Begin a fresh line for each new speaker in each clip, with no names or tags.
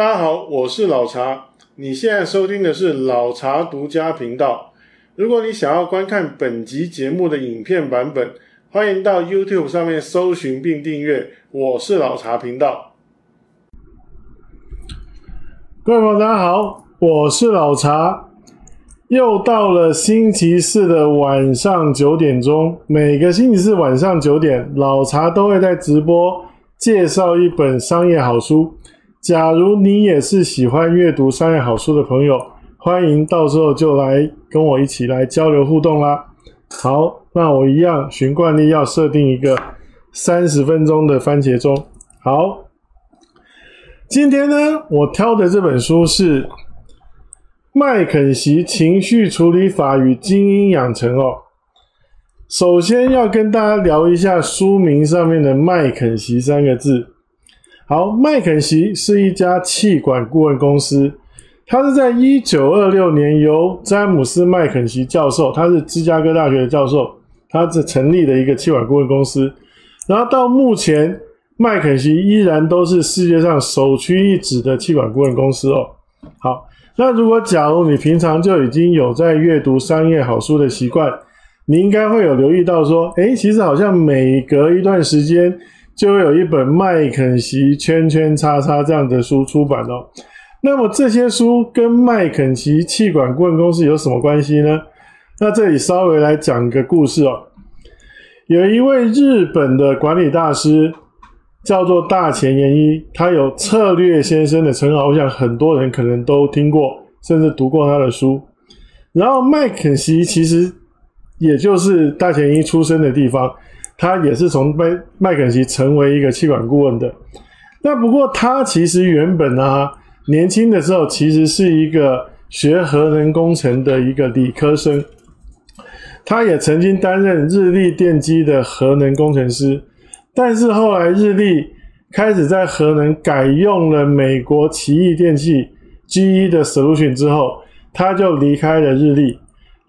大家好，我是老查。你現在收聽的是老查獨家頻道。如果你想要觀看本集節目的影片版本，歡迎到 YouTube 上面搜尋並訂閱“我是老查頻道”。各位朋友，大家好，我是老查。又到了星期四的晚上九點鐘，每個星期四晚上九點，老查都會在直播介紹一本商業好書。假如你也是喜歡閱讀商業好書的朋友，歡迎到時候就來跟我一起來交流互動啦。好，那我一樣循慣例要設定一個三十分鐘的番茄鐘。好，今天呢，我挑的這本書是《麥肯錫情緒處理法與菁英養成》哦。首先要跟大家聊一下書名上面的“麥肯錫”三個字。好，麥肯錫是一家企管顧問公司。它是在一九二六年由詹姆斯·麥肯錫教授，他是芝加哥大學的教授，他是成立的一個企管顧問公司。然後到目前，麥肯錫依然都是世界上首屈一指的企管顧問公司哦。好，那如果假如你平常就已經有在閱讀商業好書的習慣，你應該會有留意到說，哎，其實好像每隔一段時間。就會有一本麥肯錫圈圈叉叉這樣的書出版哦。那麼這些書跟麥肯錫企管顧問公司有什麼關係呢？那這裡稍微來講個故事哦。有一位日本的管理大師叫做大前研一，他有策略先生的稱號，我想很多人可能都聽過，甚至讀過他的書。然後麥肯錫其實也就是大前研一出生的地方。他也是從麥麥肯錫成為一個企管顧問的。那不過他其實原本啊，年輕的時候其實是一個學核能工程的一個理科生。他也曾經擔任日立電機的核能工程師，但是後來日立開始在核能改用了美國奇異電器 GE 的 solution 之後，他就離開了日立。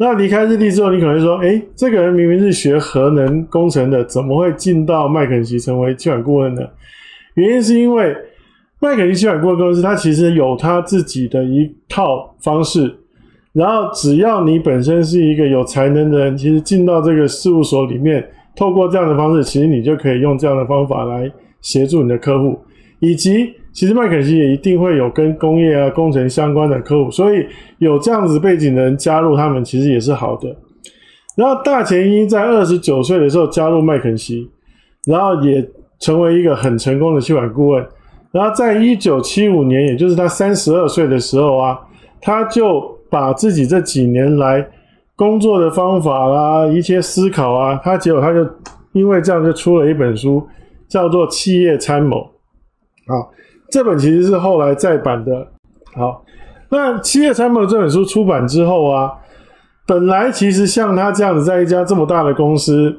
那離開日立之後，你可能會說：“誒、欸，這個人明明是學核能工程的，怎麼會進到麥肯錫成為企管顧問呢？”原因是因為麥肯錫企管顧問公司，它其實有它自己的一套方式。然後只要你本身是一個有才能的人，其實進到這個事務所裡面，透過這樣的方式，其實你就可以用這樣的方法來協助你的客戶，以及。其實麥肯錫也一定會有跟工業啊、工程相關的客戶，所以有這樣子背景的人加入他們，其實也是好的。然後大前研一在二十九歲的時候加入麥肯錫，然後也成為一個很成功的企管顧問。然後在一九七五年，也就是他三十二歲的時候啊，他就把自己這幾年來工作的方法啦、啊、一些思考啊，他結果他就因為這樣就出了一本書，叫做《企業參謀》啊。這本其實是後來再版的。好，那《企業參謀》這本書出版之後啊，本來其實像他這樣子，在一家這麼大的公司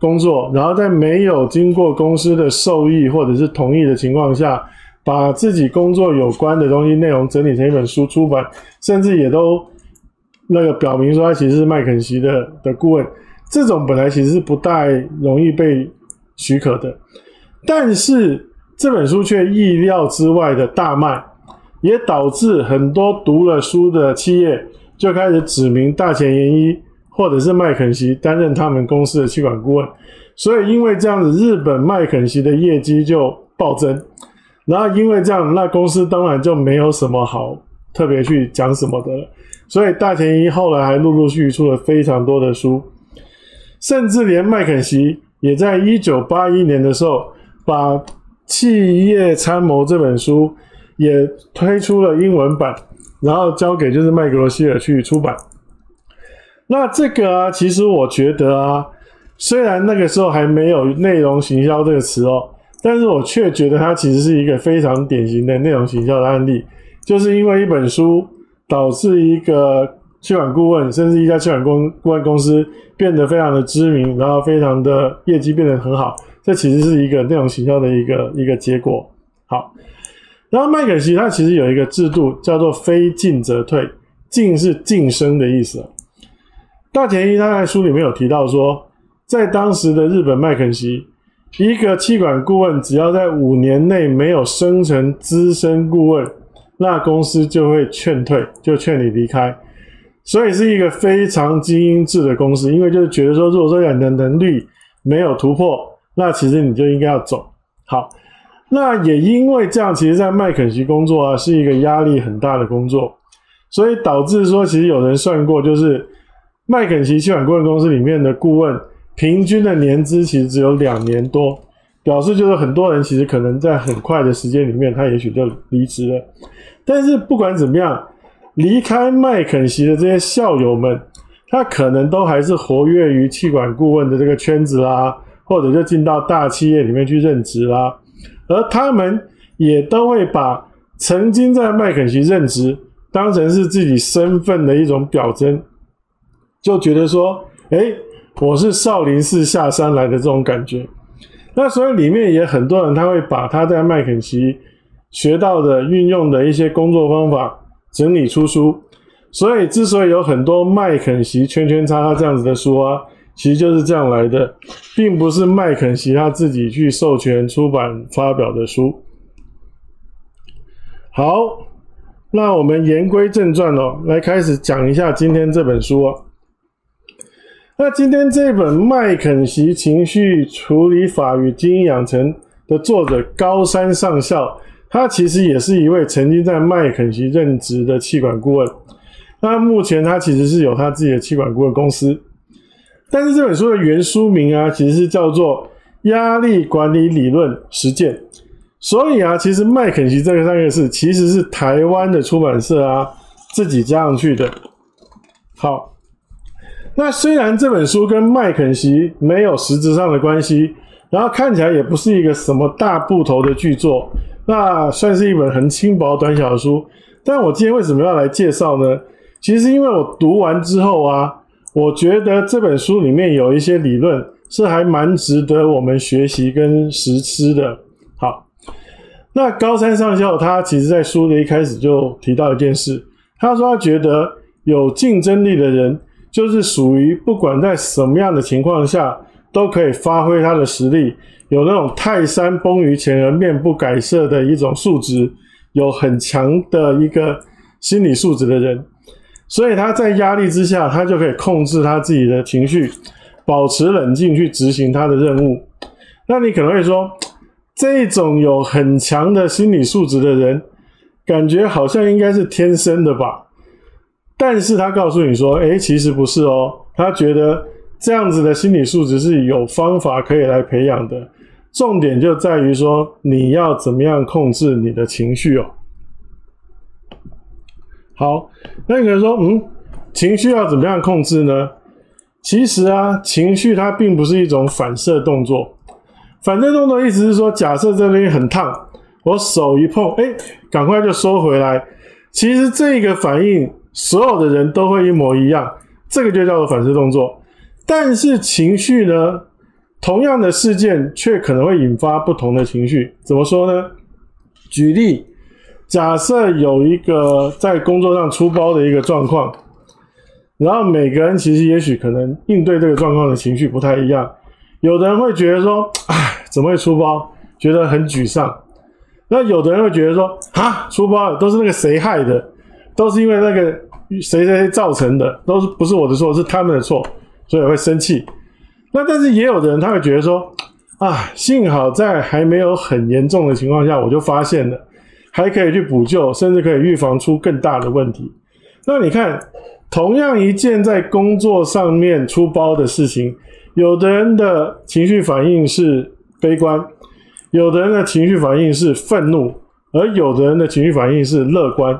工作，然後在沒有經過公司的授意或者是同意的情況下，把自己工作有關的東西內容整理成一本書出版，甚至也都那個表明說他其實是麥肯錫的的顧問，這種本來其實是不太容易被許可的，但是。這本書卻意料之外的大賣，也導致很多讀了書的企業就開始指名大前研一或者是麥肯錫擔任他們公司的企管顧問。所以因為這樣子，日本麥肯錫的業績就暴增。然後因為這樣，那公司當然就沒有什麼好特別去講什麼的了。所以大前研一後來還陸陸續續出了非常多的書，甚至連麥肯錫也在一九八一年的時候把。《企業參謀》這本書也推出了英文版，然後交給就是麥格羅希爾去出版。那這個啊，其實我覺得啊，雖然那個時候還沒有“內容行銷”這個詞哦、喔，但是我卻覺得它其實是一個非常典型的內容行銷的案例，就是因為一本書導致一個企管顧問，甚至一家企管公顧問公司變得非常的知名，然後非常的業績變得很好。這其實是一個內容行銷的一個一個結果。好，然後麥肯錫它其實有一個制度叫做“非進則退”，“進”是晉升的意思。大田一他在書裡面有提到說，在當時的日本麥肯錫，一個企管顧問只要在五年內沒有升成資深顧問，那公司就會勸退，就勸你離開。所以是一個非常精英制的公司，因為就是覺得說，如果說你的能力沒有突破，那其實你就應該要走。好，那也因為這樣，其實，在麥肯錫工作啊是一個壓力很大的工作，所以導致說，其實有人算過，就是麥肯錫企管顧問公司裡面的顧問平均的年資其實只有兩年多，表示就是很多人其實可能在很快的時間裡面，他也許就離職了。但是不管怎麼樣，離開麥肯錫的這些校友們，他可能都還是活躍於企管顧問的這個圈子啊。或者就進到大企業裡面去任職啦，而他們也都會把曾經在麥肯錫任職當成是自己身份的一種表徵，就覺得說，哎，我是少林寺下山來的這種感覺。那所以裡面也很多人，他會把他在麥肯錫學到的、運用的一些工作方法整理出書。所以之所以有很多麥肯錫圈圈叉叉這樣子的書啊。其實就是這樣來的，並不是麥肯錫他自己去授權出版發表的書。好，那我們言歸正傳哦，來開始講一下今天這本書哦。那今天這本《麥肯錫情緒處理法與菁英養成》的作者高杉尚孝，他其實也是一位曾經在麥肯錫任職的企管顧問。那目前他其實是有他自己的企管顧問公司。但是這本書的原書名啊，其實是叫做《壓力管理理論實踐》，所以啊，其實麥肯錫這個三個字其實是台灣的出版社啊自己加上去的。好，那雖然這本書跟麥肯錫沒有實質上的關係，然後看起來也不是一個什麼大部頭的巨作，那算是一本很輕薄短小的書。但我今天為什麼要來介紹呢？其實因為我讀完之後啊。我覺得這本書裡面有一些理論是還蠻值得我們學習跟實施的。好，那高杉尚孝他其實在書的一開始就提到一件事，他說他覺得有競爭力的人就是屬於不管在什麼樣的情況下都可以發揮他的實力，有那種泰山崩於前而面不改色的一種素質，有很強的一個心理素質的人。所以他在壓力之下，他就可以控制他自己的情緒，保持冷靜去執行他的任務。那你可能會說，這種有很強的心理素質的人，感覺好像應該是天生的吧？但是他告訴你說，欸，其實不是喔。他覺得這樣子的心理素質是有方法可以來培養的。重點就在於說，你要怎麼樣控制你的情緒喔。好，那有人說，嗯，情緒要怎麼樣控制呢？其實啊，情緒它並不是一種反射動作。反射動作意思是說，假設這邊很燙，我手一碰，哎，趕快就收回來。其實這個反應，所有的人都會一模一樣，這個就叫做反射動作。但是情緒呢，同樣的事件卻可能會引發不同的情緒。怎麼說呢？舉例。假設有一個在工作上出包的一個狀況，然後每個人其實也許可能應對這個狀況的情緒不太一樣。有的人會覺得說：“哎，怎麼會出包？”覺得很沮喪。那有的人會覺得說：“啊，出包了，都是那個誰害的，都是因為那個誰誰造成的，都是不是我的錯，是他們的錯，所以會生氣。”那但是也有的人他會覺得說：“啊，幸好在還沒有很嚴重的情況下，我就發現了。”還可以去補救，甚至可以預防出更大的問題。那你看，同樣一件在工作上面出包的事情，有的人的情緒反應是悲觀，有的人的情緒反應是憤怒，而有的人的情緒反應是樂觀。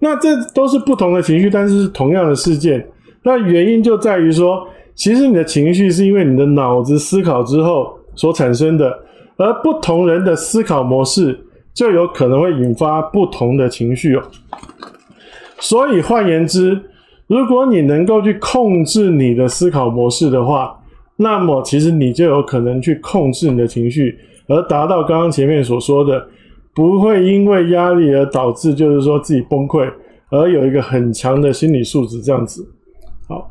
那這都是不同的情緒，但是是同樣的事件。那原因就在於說，其實你的情緒是因為你的腦子思考之後所產生的，而不同人的思考模式。就有可能會引發不同的情緒哦。所以換言之，如果你能夠去控制你的思考模式的話，那麼其實你就有可能去控制你的情緒，而達到剛剛前面所說的，不會因為壓力而導致就是說自己崩潰，而有一個很強的心理素質這樣子。好，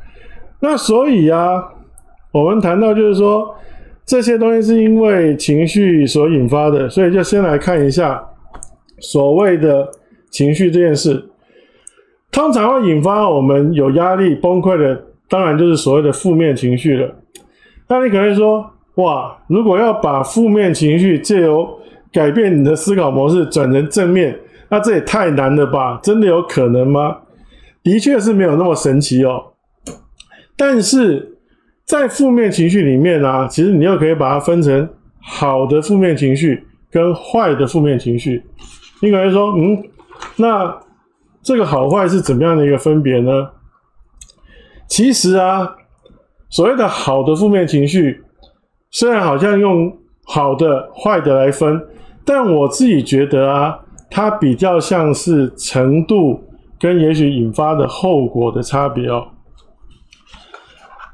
那所以啊，我們談到就是說，這些東西是因為情緒所引發的，所以就先來看一下所謂的情緒這件事。通常會引發我們有壓力、崩潰的，當然就是所謂的負面情緒了。那你可能說：“哇，如果要把負面情緒借由改變你的思考模式轉成正面，那這也太難了吧？真的有可能嗎？”的確是沒有那麼神奇哦。但是，在負面情緒裡面啊，其實你又可以把它分成好的負面情緒跟壞的負面情緒。你可能說，嗯，那這個好壞是怎麼樣的一個分別呢？其實啊，所謂的好的負面情緒，雖然好像用好的、壞的來分，但我自己覺得啊，它比較像是程度跟也許引發的後果的差別哦。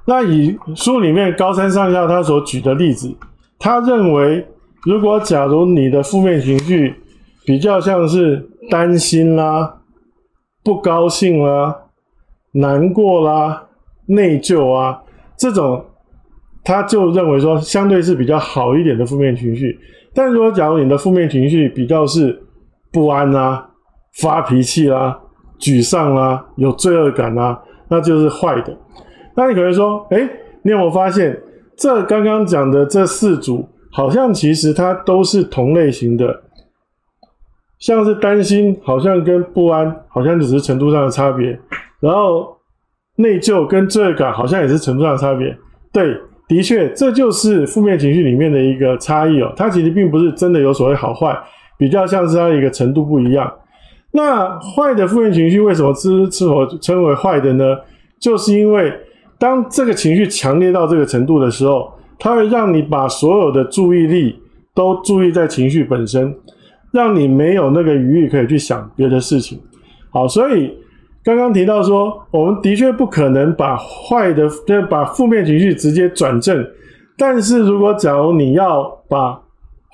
那以書裡面高杉尚孝他所舉的例子，他認為如果假如你的負面情緒比較像是擔心啦、不高興啦、難過啦、內疚啊這種，他就認為說相對是比較好一點的負面情緒。但如果假如你的負面情緒比較是不安啊、發脾氣啦、啊、沮喪啦、啊、有罪惡感啦、啊，那就是壞的。那你可能說：“哎，你有沒有發現這剛剛講的這四組，好像其實它都是同類型的，像是擔心，好像跟不安，好像只是程度上的差別。然後內疚跟罪惡感，好像也是程度上的差別。對，的確，這就是負面情緒裡面的一個差異哦。它其實並不是真的有所謂好壞，比較像是它的一個程度不一樣。那壞的負面情緒為什麼之之所稱為壞的呢？就是因為。”當這個情緒強烈到這個程度的時候，它會讓你把所有的注意力都注意在情緒本身，讓你沒有那個餘裕可以去想別的事情。好，所以剛剛提到說，我們的確不可能把壞的，就是把負面情緒直接轉正。但是如果假如你要把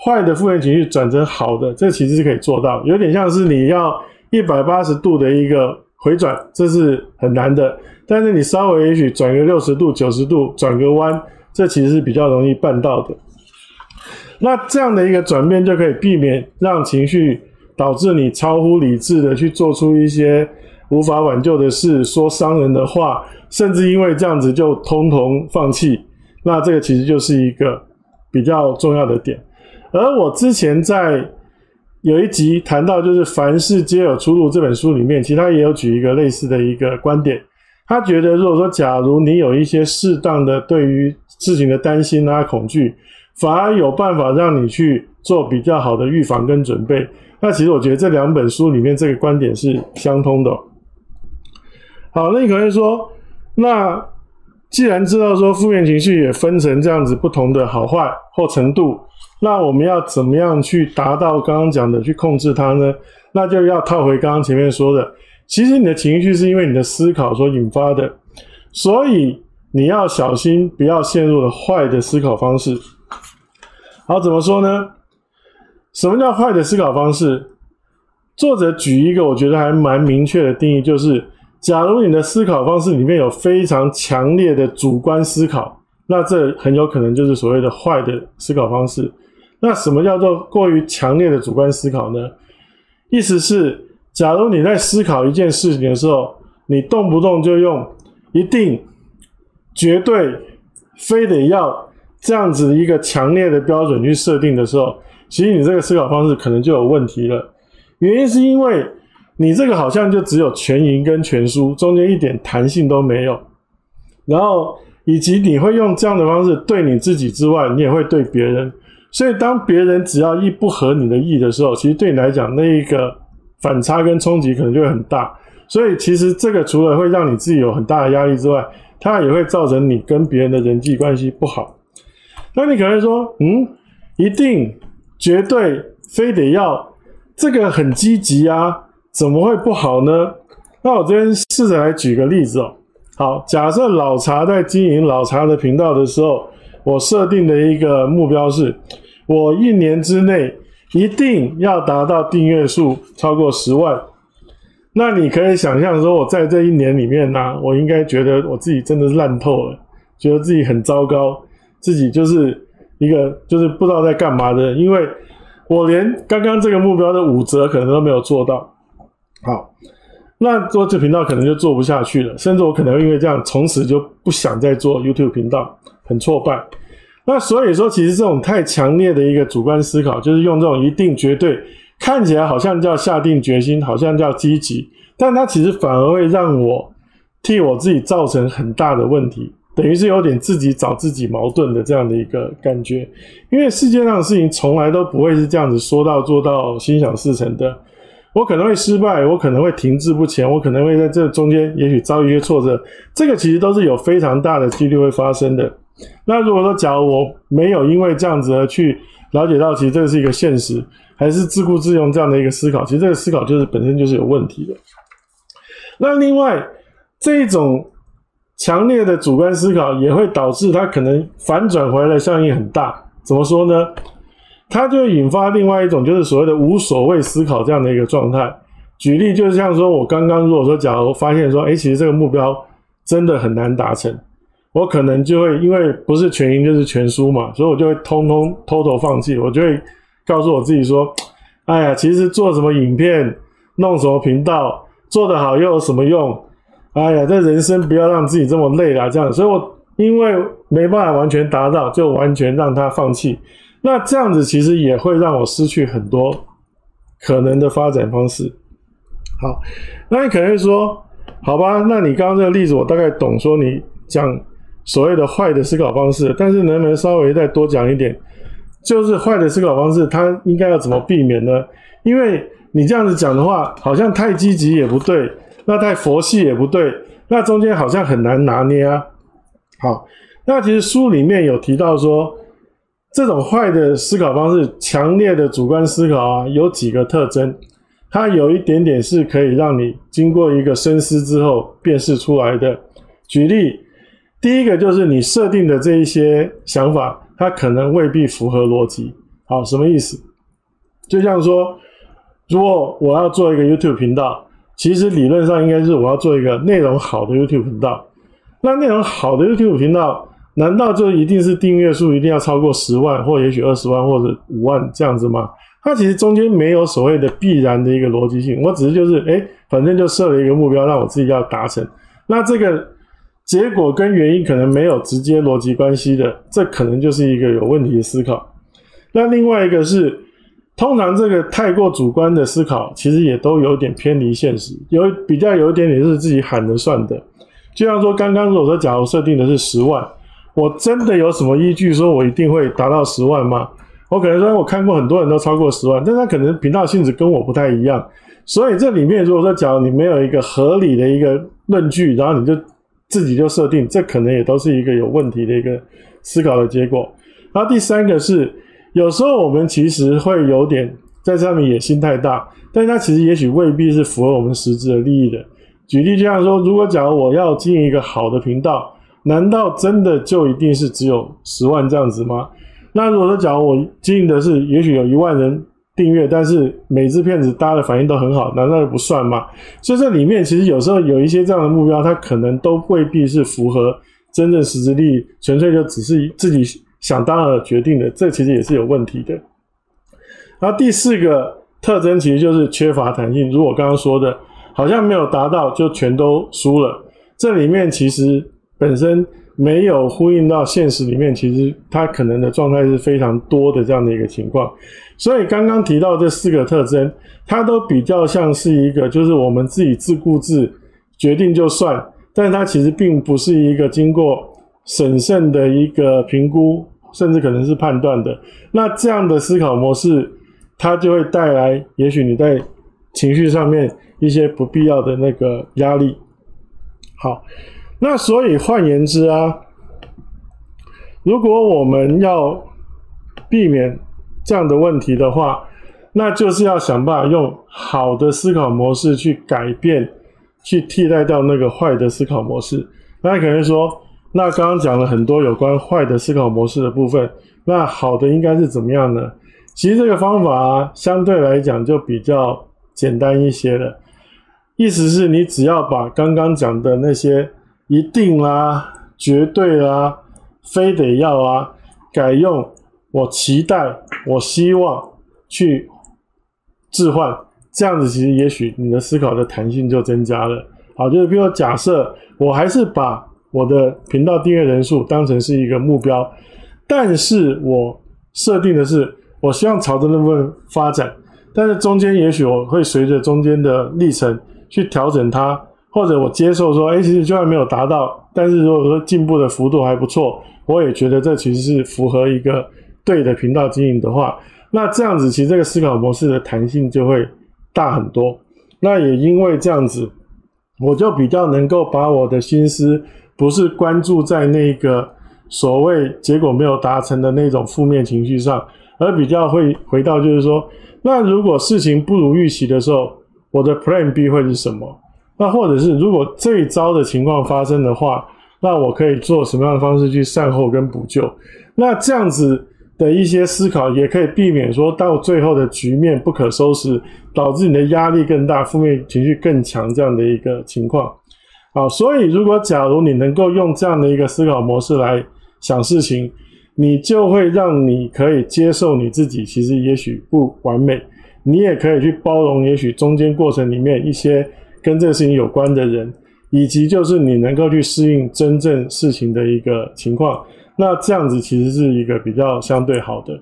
壞的負面情緒轉成好的，這其實是可以做到。有點像是你要180度的一個回轉，這是很難的。但是你稍微也許轉個六十度、九十度，轉個彎，這其實是比較容易辦到的。那這樣的一個轉變就可以避免讓情緒導致你超乎理智的去做出一些無法挽救的事，說傷人的話，甚至因為這樣子就通通放棄。那這個其實就是一個比較重要的點。而我之前在有一集談到，就是《凡事皆有出路》這本書裡面，其實他也有舉一個類似的一個觀點。他覺得，如果說假如你有一些適當的對於事情的擔心啊、恐懼，反而有辦法讓你去做比較好的預防跟準備。那其實我覺得這兩本書裡面這個觀點是相通的哦。好，那你可能說，那既然知道說負面情緒也分成這樣子不同的好壞或程度，那我們要怎麼樣去達到剛剛講的去控制它呢？那就要套回剛剛前面說的。其實你的情緒是因為你的思考所引發的，所以你要小心，不要陷入了壞的思考方式。好，怎麼說呢？什麼叫壞的思考方式？作者舉一個我覺得還蠻明確的定義，就是假如你的思考方式裡面有非常強烈的主觀思考，那這很有可能就是所謂的壞的思考方式。那什麼叫做過於強烈的主觀思考呢？意思是。假如你在思考一件事情的時候，你動不動就用一定、絕對、非得要這樣子一個強烈的標準去設定的時候，其實你這個思考方式可能就有問題了。原因是因為你這個好像就只有全贏跟全輸，中間一點彈性都沒有。然後，以及你會用這樣的方式對你自己之外，你也會對別人。所以，當別人只要一不合你的意的時候，其實對你來講，那一個。反差跟衝擊可能就會很大，所以其實這個除了會讓你自己有很大的壓力之外，它也會造成你跟別人的人際關係不好。那你可能說，嗯，一定絕對非得要這個很積極啊，怎麼會不好呢？那我這邊試着來舉個例子哦。好，假設老查在經營老查的頻道的時候，我設定的一個目標是，我一年之內。一定要達到訂閱數超過十萬，那你可以想象說，我在這一年裡面呢、啊，我應該覺得我自己真的是爛透了，覺得自己很糟糕，自己就是一個就是不知道在幹嘛的人，因為我連剛剛這個目標的五折可能都沒有做到，好，那做這頻道可能就做不下去了，甚至我可能因為這樣從此就不想再做 YouTube 頻道，很挫敗。那所以說，其實這種太強烈的一個主觀思考，就是用這種一定絕對，看起來好像叫下定決心，好像叫積極，但它其實反而會讓我替我自己造成很大的問題，等於是有點自己找自己矛盾的這樣的一個感覺。因為世界上的事情從來都不會是這樣子說到做到、心想事成的，我可能會失敗，我可能會停滯不前，我可能會在這中間也許遭遇一些挫折，這個其實都是有非常大的幾率會發生的。那如果說，假如我沒有因為這樣子而去了解到，其實這是一個現實，還是自顧自用這樣的一個思考，其實這個思考就是本身就是有問題的。那另外，這一種強烈的主觀思考也會導致它可能反轉回來效應很大。怎麼說呢？它就引發另外一種就是所謂的無所謂思考這樣的一個狀態。舉例就是像說，我剛剛如果說假如發現說，哎，其實這個目標真的很難達成。我可能就會因為不是全贏就是全輸嘛，所以我就會通通偷偷放棄。我就會告訴我自己說：“哎呀，其實做什麼影片、弄什麼頻道，做得好又有什麼用？哎呀，這人生不要讓自己這麼累啦。”這樣，所以我因為沒辦法完全達到，就完全讓他放棄。那這樣子其實也會讓我失去很多可能的發展方式。好，那你可能會說：“好吧，那你剛剛這個例子我大概懂。”說你講。所謂的壞的思考方式，但是能不能稍微再多講一點？就是壞的思考方式，它應該要怎麼避免呢？因為你這樣子講的話，好像太積極也不對，那太佛系也不對，那中間好像很難拿捏啊。好，那其實書裡面有提到說，這種壞的思考方式、強烈的主觀思考啊，有幾個特徵，它有一點點是可以讓你經過一個深思之後辨識出來的。舉例。第一個就是你設定的這一些想法，它可能未必符合邏輯。好，什麼意思？就像說，如果我要做一個 YouTube 頻道，其實理論上應該是我要做一個內容好的 YouTube 頻道。那內容好的 YouTube 頻道，難道就一定是訂閱數一定要超過十萬，或也許二十萬，或者五萬這樣子嗎？它其實中間沒有所謂的必然的一個邏輯性。我只是就是，哎、欸，反正就設了一個目標，讓我自己要達成。那這個。結果跟原因可能沒有直接邏輯關係的，這可能就是一個有問題的思考。那另外一個是，通常這個太過主觀的思考，其實也都有點偏離現實，有比較有一點點是自己喊了算的。就像說剛剛我說，假如設定的是十萬，我真的有什麼依據說我一定會達到十萬嗎？我可能說，我看過很多人都超過十萬，但他可能頻道性質跟我不太一樣，所以這裡面如果說假如你沒有一個合理的一個論據，然後你就。自己就設定，這可能也都是一個有問題的一個思考的結果。然後第三個是，有時候我們其實會有點在上面野心太大，但它其實也許未必是符合我們實質的利益的。舉例就像說，如果假如我要經營一個好的頻道，難道真的就一定是只有十萬這樣子嗎？那如果說假如我經營的是，也許有一萬人。訂閱，但是每支片子大家的反應都很好，難道就不算嗎？所以這裡面其實有時候有一些這樣的目標，它可能都未必是符合真正實質力，純粹就只是自己想當然決定的，這其實也是有問題的。然後，第四個特徵其實就是缺乏彈性，如我剛剛說的，好像沒有達到就全都輸了，這裡面其實本身。沒有呼應到現實裡面，其實它可能的狀態是非常多的，這樣的一個情況，所以剛剛提到這四個特徵，它都比較像是一個，就是我們自己自顧自決定就算，但它其實並不是一個經過審慎的一個評估，甚至可能是判斷的。那這樣的思考模式，它就會帶來也許你在情緒上面一些不必要的那個壓力。好。那所以換言之啊，如果我們要避免這樣的問題的話，那就是要想辦法用好的思考模式去改變，去替代掉那個壞的思考模式。那可能說，那剛剛講了很多有關壞的思考模式的部分，那好的應該是怎麼樣呢？其實這個方法啊，相對來講就比較簡單一些了。意思是你只要把剛剛講的那些。一定啦、啊，絕對啦、啊，非得要啊，改用我期待，我希望去置換這樣子，其實也許你的思考的彈性就增加了。好，就是比如說假設我還是把我的頻道訂閱人數當成是一個目標，但是我設定的是，我希望朝着那部分發展，但是中間也許我會隨着中間的歷程去調整它。或者我接受說，哎、欸，其實就還沒有達到，但是如果說進步的幅度還不錯，我也覺得這其實是符合一個對的頻道經營的話，那這樣子其實這個思考模式的彈性就會大很多。那也因為這樣子，我就比較能夠把我的心思不是關注在那個所謂結果沒有達成的那種負面情緒上，而比較會回到就是說，那如果事情不如預期的時候，我的 Plan B 會是什麼？那或者是如果最糟的情況發生的話，那我可以做什麼樣的方式去善後跟補救？那這樣子的一些思考也可以避免說到最後的局面不可收拾，導致你的壓力更大，負面情緒更強，這樣的一個情況。啊，所以如果假如你能夠用這樣的一個思考模式來想事情，你就會讓你可以接受你自己其實也許不完美，你也可以去包容也許中間過程裡面一些。跟這個事情有關的人，以及就是你能夠去適應真正事情的一個情況，那這樣子其實是一個比較相對好的。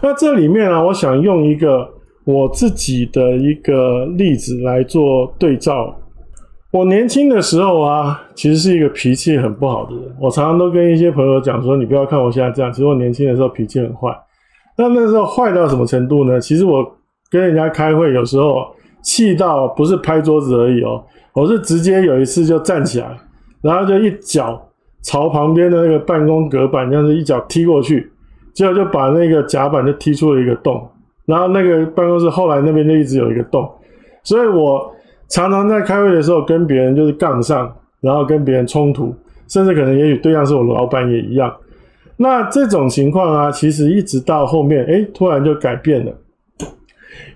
那這裡面呢、啊，我想用一個我自己的一個例子來做對照。我年輕的時候啊，其實是一個脾氣很不好的人。我常常都跟一些朋友講說，你不要看我現在這樣，其實我年輕的時候脾氣很壞。那那時候壞到什麼程度呢？其實我跟人家開會，有時候。氣到不是拍桌子而已哦，我是直接有一次就站起來，然後就一腳朝旁邊的那個辦公隔板，這樣子一腳踢過去，結果就把那個夾板就踢出了一個洞，然後那個辦公室後來那邊就一直有一個洞，所以我常常在開會的時候跟別人就是槓上，然後跟別人衝突，甚至可能也許對象是我的老板也一樣。那這種情況啊，其實一直到後面，哎，突然就改變了。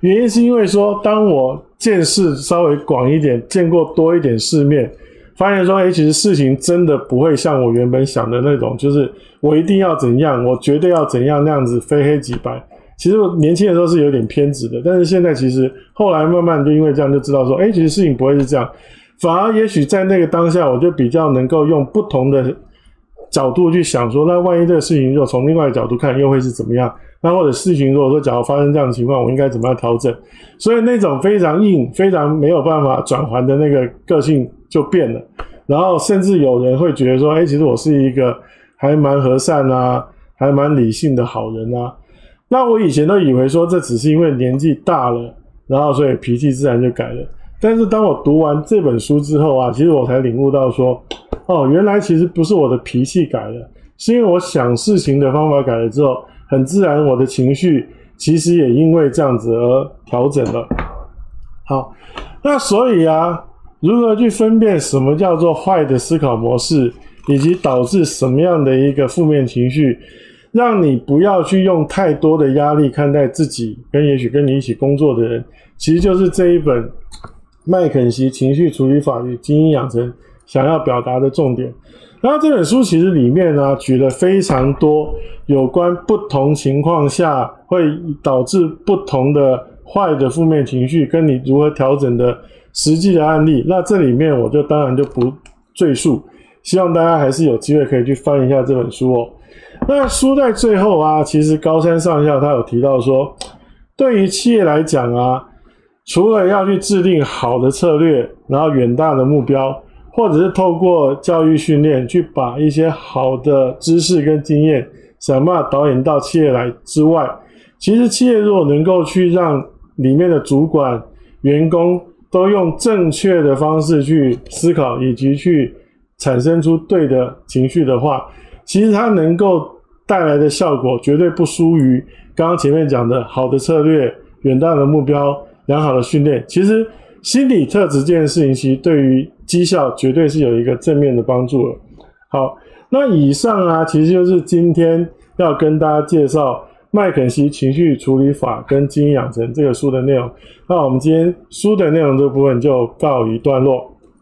原因是因為說，當我見識稍微廣一點，見過多一點世面，發現說，哎，其實事情真的不會像我原本想的那種，就是我一定要怎樣，我絕對要怎樣那樣子非黑即白。其實我年輕的時候是有點偏執的，但是現在其實後來慢慢就因為這樣就知道說，哎，其實事情不會是這樣，反而也許在那個當下，我就比較能夠用不同的角度去想說，那萬一這個事情，如果從另外一個角度看，又會是怎麼樣？那或者事情如果說，假如發生這樣的情況，我應該怎麼樣調整？所以那種非常硬、非常沒有辦法轉圜的那個個性就變了。然後甚至有人會覺得說：“哎、欸，其實我是一個還蠻和善啊，還蠻理性的好人啊。”那我以前都以為說，這只是因為年紀大了，然後所以脾氣自然就改了。但是當我讀完這本書之後啊，其實我才領悟到說，哦，原來其實不是我的脾氣改了，是因為我想事情的方法改了之後，很自然我的情緒其實也因為這樣子而調整了。好，那所以啊，如何去分辨什麼叫做壞的思考模式，以及導致什麼樣的一個負面情緒，讓你不要去用太多的壓力看待自己，跟也許跟你一起工作的人，其實就是這一本《麥肯錫情緒處理法與菁英養成》。想要表達的重點，然後這本書其實裡面呢、啊、舉了非常多有關不同情況下會導致不同的壞的負面情緒，跟你如何調整的實際的案例。那這裡面我就當然就不贅述，希望大家還是有機會可以去翻一下這本書哦、喔。那書在最後啊，其實高杉尚孝他有提到說，對於企業來講啊，除了要去制定好的策略，然後遠大的目標。或者是透過教育訓練，去把一些好的知識跟經驗，想辦法導引到企業來之外，其實企業若能夠去讓裡面的主管、員工都用正確的方式去思考，以及去產生出對的情緒的話，其實它能夠帶來的效果，絕對不輸於剛剛前面講的好的策略、遠大的目標、良好的訓練。其實心理特質這件事情，其實對於績效絕對是有一個正面的幫助了。好，那以上啊，其實就是今天要跟大家介紹麥肯錫情緒處理法跟菁英養，養成這個書的內容。那我們今天書的內容這部分就告一段落。